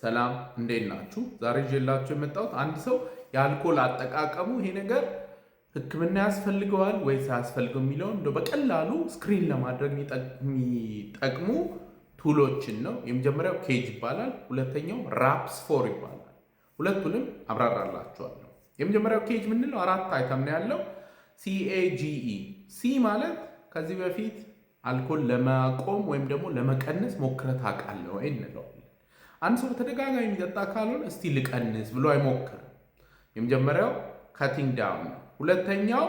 ሰላም እንዴት ናችሁ? ዛሬ ይዤላችሁ የመጣሁት አንድ ሰው የአልኮል አጠቃቀሙ ይሄ ነገር ሕክምና ያስፈልገዋል ወይ ሳያስፈልገው የሚለውን እንደው በቀላሉ ስክሪን ለማድረግ የሚጠቅሙ ቱሎችን ነው። የመጀመሪያው ኬጅ ይባላል። ሁለተኛው ራፕስ ፎር ይባላል። ሁለቱንም አብራራላችኋለሁ። የመጀመሪያው ኬጅ ምንለው አራት አይተም ነው ያለው። ሲኤጂኢ ሲ ማለት ከዚህ በፊት አልኮል ለማቆም ወይም ደግሞ ለመቀነስ ሞክረት ታውቃለህ ወይ እንለዋለን አንድ ሰው በተደጋጋሚ የሚጠጣ ካልሆነ እስቲ ልቀንስ ብሎ አይሞክርም። የመጀመሪያው ካቲንግ ዳውን ነው። ሁለተኛው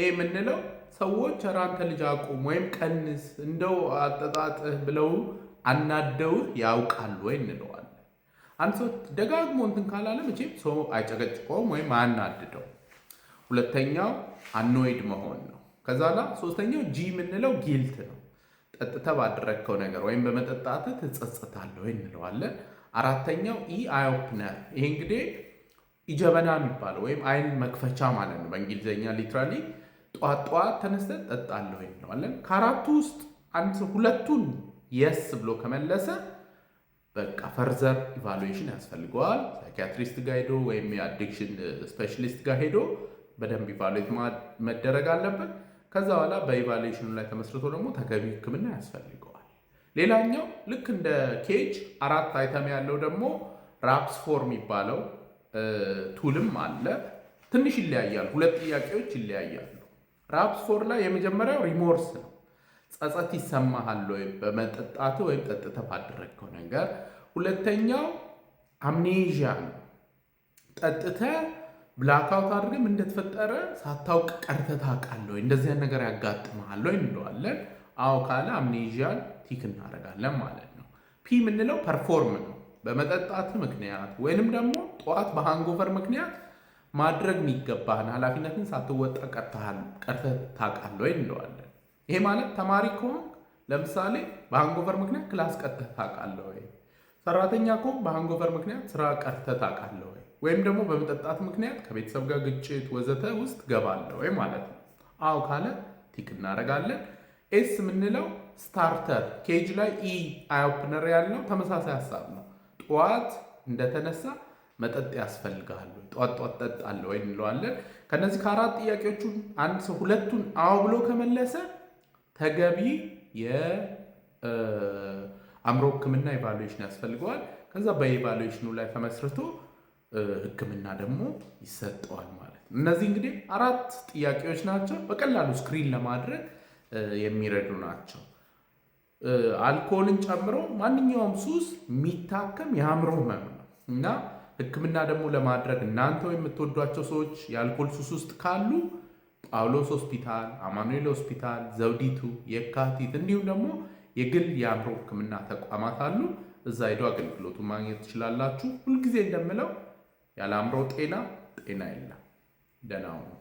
ኤ የምንለው ሰዎች ራንተ ልጅ አቁም ወይም ቀንስ እንደው አጠጣጥህ ብለው አናደውህ ያውቃሉ ወይ እንለዋለን። አንድ ሰው ደጋግሞ እንትን ካላለ መቼም ሰው አይጨቀጭቀውም ወይም አያናድደው። ሁለተኛው አኖይድ መሆን ነው። ከዛ ላ ሶስተኛው ጂ የምንለው ጊልት ነው። ጠጥተህ ባደረግከው ነገር ወይም በመጠጣት ትጸጸታለህ ወይ እንለዋለን። አራተኛው ኢ አዮፕነር ይህ እንግዲህ ኢጀበና የሚባለው ወይም አይን መክፈቻ ማለት ነው በእንግሊዝኛ ሊትራሊ። ጠዋት ጠዋት ተነስተህ ወይ እንለዋለን። ከአራቱ ውስጥ አንድ ሰው ሁለቱን የስ ብሎ ከመለሰ በቃ ፈርዘር ኢቫሉዌሽን ያስፈልገዋል። ሳይኪያትሪስት ጋር ሄዶ ወይም የአዲክሽን ስፔሻሊስት ጋር ሄዶ በደንብ ኢቫሉዌት መደረግ አለበት። ከዛ በኋላ በኢቫሌሽኑ ላይ ተመስርቶ ደግሞ ተገቢ ህክምና ያስፈልገዋል። ሌላኛው ልክ እንደ ኬጅ አራት አይተም ያለው ደግሞ ራፕስ ፎር የሚባለው ቱልም አለ። ትንሽ ይለያያሉ። ሁለት ጥያቄዎች ይለያያሉ። ራፕስ ፎር ላይ የመጀመሪያው ሪሞርስ ነው። ጸጸት ይሰማሃል ወይ በመጠጣት ወይም ጠጥተህ ባደረግከው ነገር። ሁለተኛው አምኔዥያ ነው። ጠጥተህ ብላክአውት አድርገም እንደተፈጠረ ሳታውቅ ቀርተ ታውቃለህ ወይ? እንደዚህ ነገር ያጋጥመሃል ወይ እንለዋለን። አዎ ካለ አምኔዥያን ቲክ እናደርጋለን ማለት ነው። ፒ የምንለው ፐርፎርም ነው። በመጠጣት ምክንያት ወይንም ደግሞ ጠዋት በሃንጎቨር ምክንያት ማድረግ የሚገባህን ኃላፊነትን ሳትወጣ ቀርተህ ታውቃለህ ወይ እንለዋለን። ይሄ ማለት ተማሪ ከሆንክ ለምሳሌ በሃንጎቨር ምክንያት ክላስ ቀርተህ ታውቃለህ ወይ? ሰራተኛ ከሆንክ በሃንጎቨር ምክንያት ስራ ቀርተህ ታውቃለህ ወይ? ወይም ደግሞ በመጠጣት ምክንያት ከቤተሰብ ጋር ግጭት ወዘተ ውስጥ ገባለ ወይ ማለት ነው። አው ካለ ቲክ እናደርጋለን። ኤስ የምንለው ስታርተር ኬጅ ላይ ኢ አይኦፕነር ያለው ተመሳሳይ ሀሳብ ነው። ጠዋት እንደተነሳ መጠጥ ያስፈልጋሉ ጠዋት ጠዋት ጠጣለ ወይ እንለዋለን። ከነዚህ ከአራት ጥያቄዎቹ አንድ ሰው ሁለቱን አዎ ብሎ ከመለሰ ተገቢ የአእምሮ ሕክምና ኢቫሉዌሽን ያስፈልገዋል። ከዛ በኢቫሉዌሽኑ ላይ ተመስርቶ ህክምና ደግሞ ይሰጠዋል ማለት ነው። እነዚህ እንግዲህ አራት ጥያቄዎች ናቸው። በቀላሉ ስክሪን ለማድረግ የሚረዱ ናቸው። አልኮልን ጨምሮ ማንኛውም ሱስ የሚታከም የአእምሮ ህመም ነው እና ህክምና ደግሞ ለማድረግ እናንተው የምትወዷቸው ሰዎች የአልኮል ሱስ ውስጥ ካሉ ጳውሎስ ሆስፒታል፣ አማኑኤል ሆስፒታል፣ ዘውዲቱ፣ የካቲት እንዲሁም ደግሞ የግል የአእምሮ ህክምና ተቋማት አሉ። እዛ ሄዶ አገልግሎቱን ማግኘት ትችላላችሁ። ሁልጊዜ እንደምለው ያለ አእምሮ ጤና ጤና የለም። ደህና ነው።